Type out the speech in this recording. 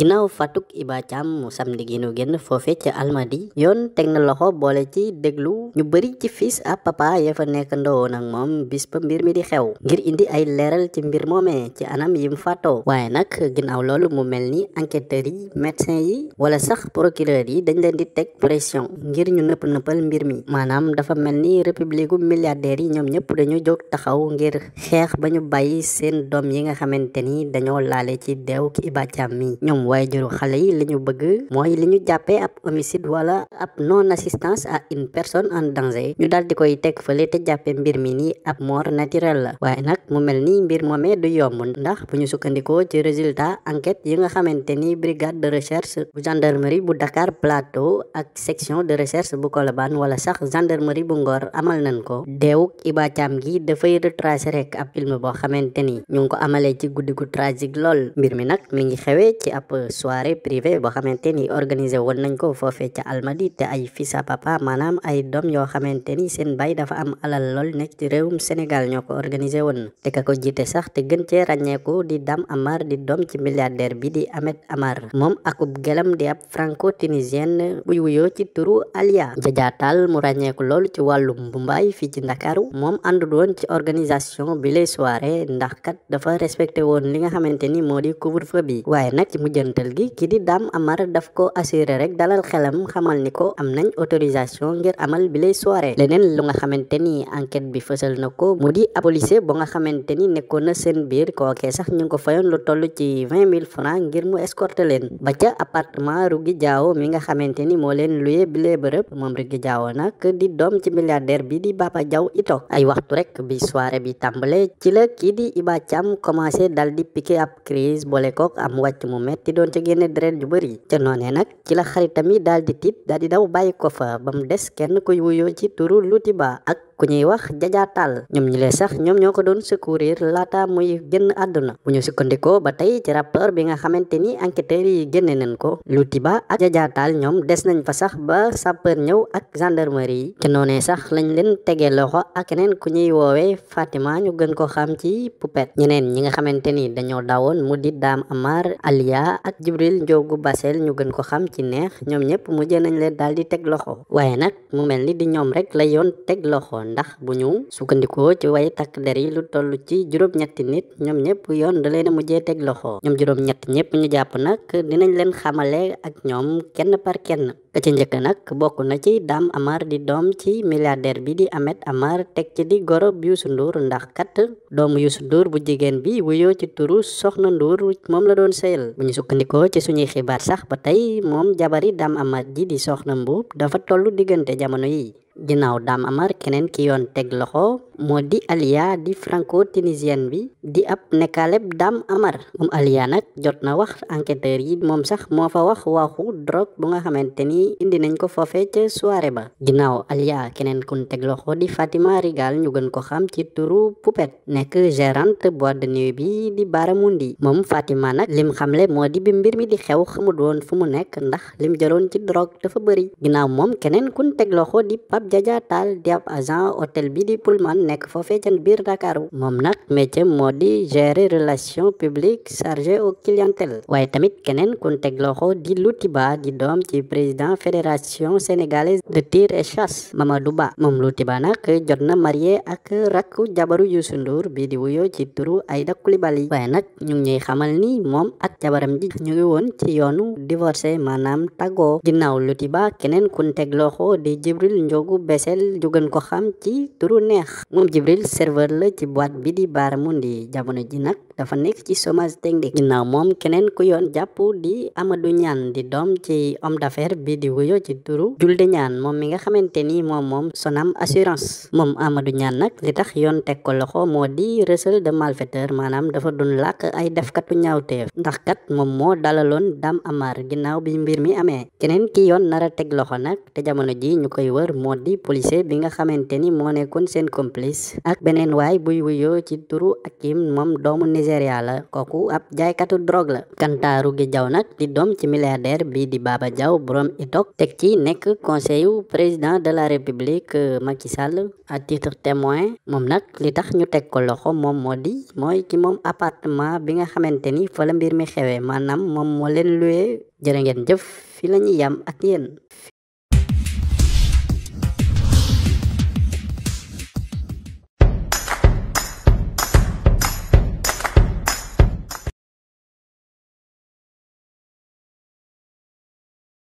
ginnaaw fatuk Iba Thiam mu samedi gi nu génn foofe Almadi yoon teg na loxo boole ci déglu ñu bëri ci fils a papa ya fa nekk ndawoon ak moom bis ba mbir mi di xew ngir indi ay leeral ci mbir moomee ci anam yi mu yim fàttoo waaye nag ginnaaw loolu mu mel ni enquêteurs yi médecin yi wala sax procureur yi dañ leen di teg pression ngir ñu nëpp nëppal mbir mi maanaam dafa mel ni république u milliardaires yi ñoom ñëpp dañu jóg taxaw ngir xeex ba ñu seen doom yi nga xamante waaye jëru xale yi li ñu bëgg mooy li ñu jàppee ab homicide wala ab non assistance à une personne en danger ñu daal di koy teg fële te jàppee mbir mi nii ab mort naturelle la waaye nag mu mel ni mbir moomee du yomb ndax bu ñu sukkandikoo ci résultat enquête yi nga xamante ni brigade de recherche bu gendarmerie bu Dakar Plateau ak section de recherche bu Colobane wala sax gendarmerie bu Ngor amal nañ ko deewuk Iba Thiam gi dafay retracer rek ab film boo xamante ni ñu ko amalee ci guddi soirée privée boo xamante ni organisé woon nañ ko foofee ca almadi te ay fisa papa maanaam ay doom yoo xamante ni seen bay dafa am alal lool nekk ci réewum Sénégal ñoo ko te ka ko jiite sax te gën cee ràññeeku di Dame Amar di doom ci milliardaire bi di Ahmed Amar moom akub gelam di ab franco tunisienne buy wuyoo ci turu Alia jajaataal mu ràññeeku lool ci wàllum mbumbaay fii ci Ndakaaru moom àndul ci organisation bi les soirée ndax kat dafa respecté woon li nga xamante ni moo mujjantal gi ki di Dame Amar daf ko assuré rek dalal xelam xamal ni ko am nañ autorisation ngir amal bi lay leneen lu nga xamante bi fësal na ko mu di ab policier ba nga xamante ni na seen biir kookee sax ñu ngi ko fayoon lu toll ci vingt mille francs ngir mu escorter leen ba ca appartement Rougui mi nga xamante ni moo leen luye bi lay bërëb moom Rougui Diao nag di doom ci milliardaire bi di Papa Diaw Ito ay waxtu rek bi soirée bi tàmbale ci la kii di Iba Thiam commencé dal di piqué ab te doon ca génne deret ju bëri ca noonee nag ci la xaritam yi daal di tiit daal di daw bàyyi ko fa ba mu des kenn kuy wuyoo ci turu Luti Ba ak ku ñuy wax Jaja Tall ñoom ñi lee sax ñoom ñoo ko doon secourir laata muy génn àdduna bu ñu sukkandikoo ba tey ci rapport bi nga xamante ni enquêteurs yi génne nañ ko Lutiba ak Jaja Tall ñoom des nañ fa sax ba sapeur ñëw ak gendarmerie yi te noonee sax lañ leen tegee loxo ak keneen ku ñuy woowee Fatima ñu gën ko xam ci Poupette ñeneen ñi nga xamante ni dañoo dawoon mu di Dame Amar Aliya ak Jibril Njoogu Basel ñu gën ko xam ci neex ñoom ñëpp mujjee nañ leen daal di teg loxo waaye nag mu mel ni di ñoom rek la teg loxo ndax bu ñu sukkandikoo ci way takk der yi lu toll ci juróom-ñetti nit ñoom ñëpp yoon da leen a mujjee teg loxo ñoom juróom-ñett ñëpp ñu jàpp nag dinañ leen xamale ak ñoom kenn par kenn ka ci njëkk nag bokk na ci Dame Amar di doom ci milliardaire bi di Ahmed Amar teg ci di goro Youssou Ndour ndax kat doomu Youssou Ndour bu jigéen bi wu wuyoo ci turu Soxna Ndour moom la doon sëyal bu ñu sukkandikoo ci suñuy xibaar sax ba tey moom jabari dam Amar ji di Soxna Mbuub dafa tollu diggante jamono yi ginnaaw Dame Amar keneen ki yoon teg loxo moo di Alya di franco-tunisienne bi di ab nekkaleb dam Amar moom Alya nag jot na wax enquêteurs yi moom sax moo fa wax waxu drogue bu nga xamante ni indi nañ ko foofee ca soirée ba ginnaaw Alya keneen kun teg loxo di Fatima Rigal ñu gën ko xam ci turu Poupette nekk gérante boîte de nuit bi di Baramundi moom Fatima nag lim xamle moo di bi mbir mi di xew xamul doon fu mu nekk ndax lim jëloon ci drogue dafa bëri ginnaaw moom keneen kun teg loxo di Pape Jaja Tall di ab nekk foofee ca biir Ndakaaru moom nag métier moo di gérer relation publique chargé au clientèle waaye tamit keneen kun teg loxo di Louty Ba di doom ci président fédération sénégalaise de tir et chasse Mamadou Ba moom Louty Ba nag jot na marié ak rakku jabaru Youssou Ndour bi di wuyoo ci turu Aïda Coulibaly waaye nag ñu ngi ñuy xamal ni moom ak jabaram ji ñu ngi woon ci yoonu divorcé maanaam tàggoo ginnaaw Louty Ba keneen kun teg loxo di Jibril Njogu Besel jugan ko xam ci turu moom Jibril serveur la ci boîte bi di Baara Mundi jamono ji nag dafa nekk ci chômage technique ginnaaw moom keneen ku yoon jàpp di Amadou Niane di doom ci homme d'affaires bi di wuyo ci turu Julde ñaan moom mi nga xamante ni moom moom Sonam assurance moom Amadou Niane nag li tax yoon teg ko loxo moo di recel de malfaiteur maanaam dafa doon làkk ay defkatu ñaawteef ndax kat moom moo dalaloon Dame Amar ginnaaw bi mbir mi amee keneen ki yoon nar teg loxo nag te jamono ji ñu koy wër moo di policier bi nga xamante ni moo nekkoon seen Nigéria la kooku ab jaaykatu drogue la Kanta Rougi Diaw nag di doom ci milliardaire bii di Baba Diaw borom itok teg ci nekk conseil yu de la république Macky Sall à titre témoin moom nag li tax ñu teg ko loxo moom moo di mooy ki moom appartement bi nga xamante ni fa mbir mi xewee ma moom moo leen luwee jërë jëf fi la ñuy yam